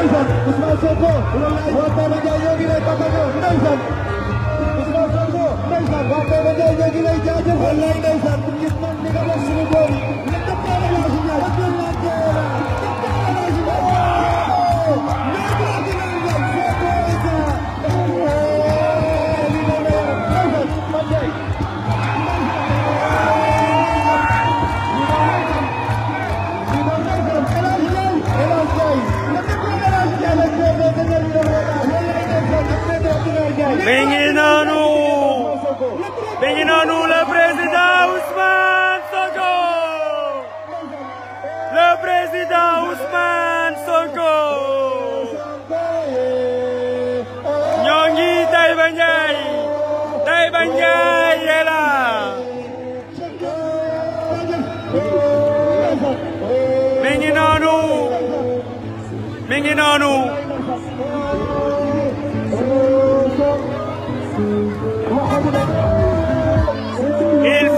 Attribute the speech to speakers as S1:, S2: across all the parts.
S1: ndeysaan Ousmane Sonko waa Baba Ndiaye ñoo ngi lay tàggatoo ndeysaan Ousmane Sonko ndeysaan waa Baba Ndiaye ñoo ngi lay jaajëfal lay ndeysaan gis nañ li nga def suñu boor mi ngi président Ousmane Sonko le président Ousmane Sonko ñoo ngi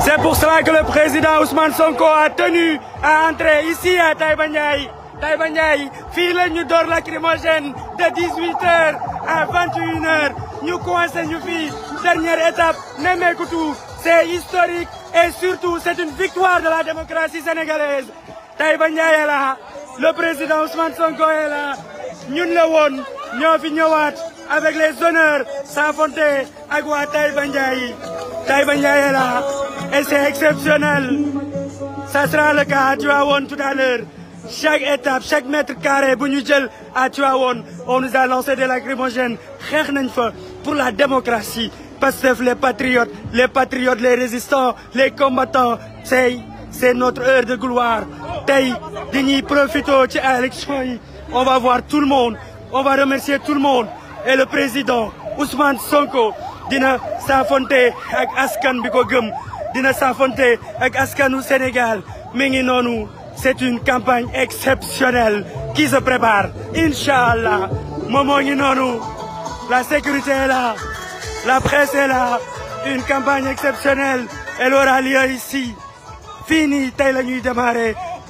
S1: C'est pour cela que le président Ousmane Sonko a tenu à entrer ici à Taïbaniaï. Taïbaniaï, file nous d'or lacrymogène de 18h à 21h. Nous coincez nous Dernière étape, Nemekoutou. C'est historique et surtout c'est une victoire de la démocratie sénégalaise. Taïbaniaï est là. Le président Ousmane Sonko est là. Nous le won. Nous avons avec les honneurs s'affronter à quoi Taï Ndiaye Taïba est là et c'est exceptionnel ça sera le cas à Tivaouane tout à l'heure chaque étape chaque mètre carré à on nous a lancé des lacrymogènes pour la démocratie Parce que les patriotes les patriotes les résistants les combattants c'est notre heure de gloire Taï, on va voir tout le monde on va remercier tout le monde et le président Ousmane Sonko dina fonté avec askan Bikogum, d'une gëm dina avec ak Sénégal mi c'est une campagne exceptionnelle qui se prépare inch'Allah Maman moo la sécurité est là la presse est là une campagne exceptionnelle elle aura lieu ici Fini, telle nuit la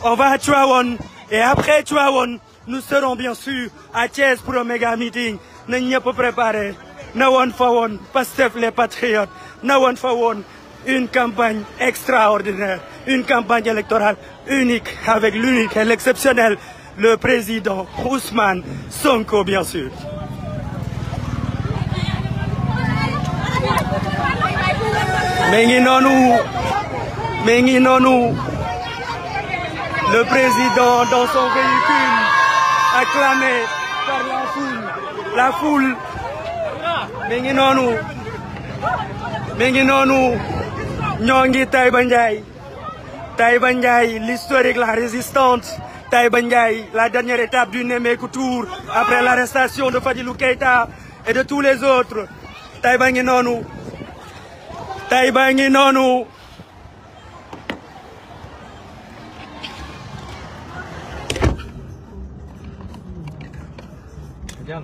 S1: on va à Tchouawon et après Tchouawon, nous serons bien sûr à Thiès pour un méga meeting nous pas préparé na avons, les patriotes une campagne extraordinaire une campagne électorale unique avec l'unique et l'exceptionnel le président Ousmane Sonko bien sûr mais non le président dans son véhicule acclamé la foule la foule foule, ngi foule, la ngi la foule, l'historique la résistante la la dernière étape du la Tour après l'arrestation de Fadilou Keïta et de tous les autres la ngi la Taïba bien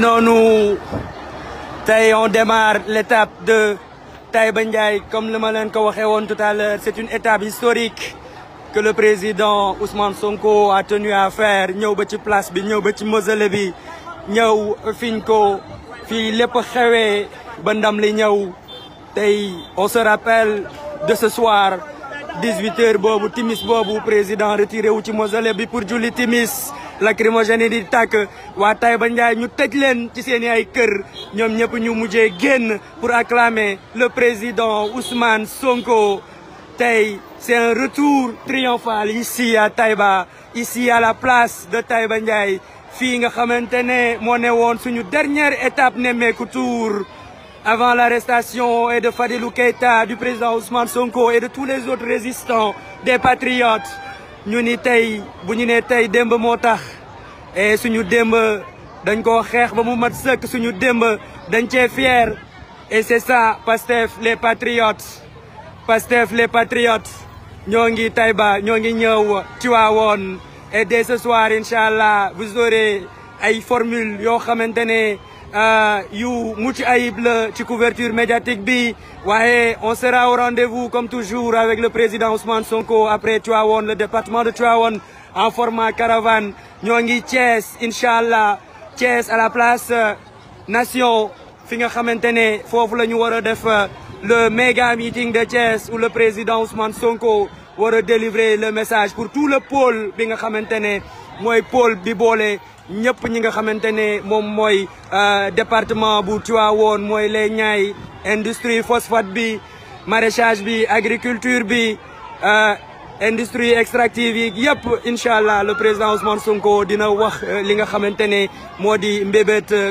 S1: non on démarre l'étape de Taïba comme le malin leen tout à l'heure c'est une étape historique que le président Ousmane Sonko a tenu à faire ñëw ba ci place bi ñëw ba ci mausolée bi ñëw fiñ ko ba ndam li ñëw tay on se rappelle de ce soir 18 h bobu, timis bobu, président retiré wu ci mausolée bi pour julli timis lacrymogène yi di wa tay Taïba Ndiaye ñu tej leen ci seen ay kër ñom ñëpp ñu mujjé génn pour acclamer le président Ousmane Sonko c'est un retour triomphal ici à Taïba ici à la place de Taïba Ndiaye fii nga xamante ne moo dernière étape notre tour avant l'arrestation et de Fadilou Keïta du président Ousmane Sonko et de tous les autres résistants des patriotes Nous ni tey bu ñu nee tey démb moo et suñu démb dañ koo xeex ba mu mat de suñu démb dañ fier et c'est ça Pastef les patriotes Pastef les patriotes Nyongi Taiba Taïba Nyawa ngi et dès ce soir Inch'Allah, vous aurez une formule vous xamante ne euh, yu mucc couverture médiatique bi on sera au rendez-vous comme toujours avec le président Ousmane Sonko après Tivaouane le département de Tivaouane en format caravane ñoo ngi Thiès Inch'Allah, à la place euh, Nation fi nga xamante ne foofu le méga meeting de Thiès où le président Ousmane Sonko va a le message pour tout le pôle bi nga xamantene moy pôle bi est le ñi nga euh, département bu Tivaouane moy les industrie phosphate bi maraîchage bi agriculture bi euh, industrie extractive yep. inshallah le président Ousmane Sonko dina wax euh, li nga xamantene modi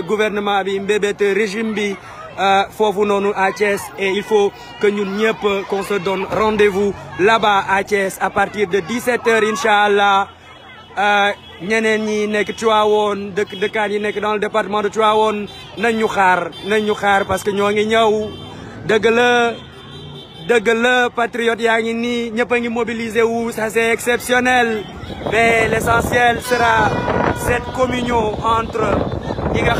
S1: gouvernement bi mbébet régime bi vous euh, et il faut que nous pas qu'on se donne rendez-vous là-bas à à partir de 17h Inch'Allah euh, Nous dans le département de parce que nous sommes patriote c'est exceptionnel mais l'essentiel sera cette communion entre Les nga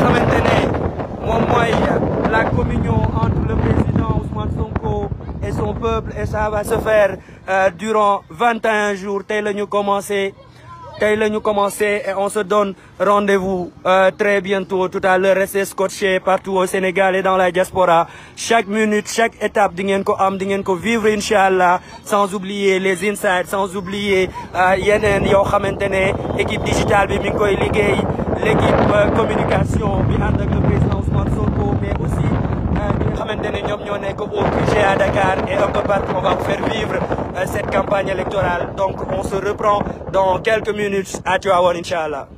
S1: communion entre le président Ousmane Sonko et son peuple et ça va se faire euh, durant 21 jours tey que nous commencé le et on se donne rendez-vous euh, très bientôt tout à l'heure c'est scotché partout au Sénégal et dans la diaspora chaque minute chaque étape am ko vivre inshallah sans oublier les insights sans oublier euh, yeneen l'équipe équipe digitale Bimiko et l'équipe euh, communication le président mais aussi ñom ñoo Dakar et on va vous faire vivre euh, cette campagne électorale donc on se reprend dans quelques minutes à tu inchallah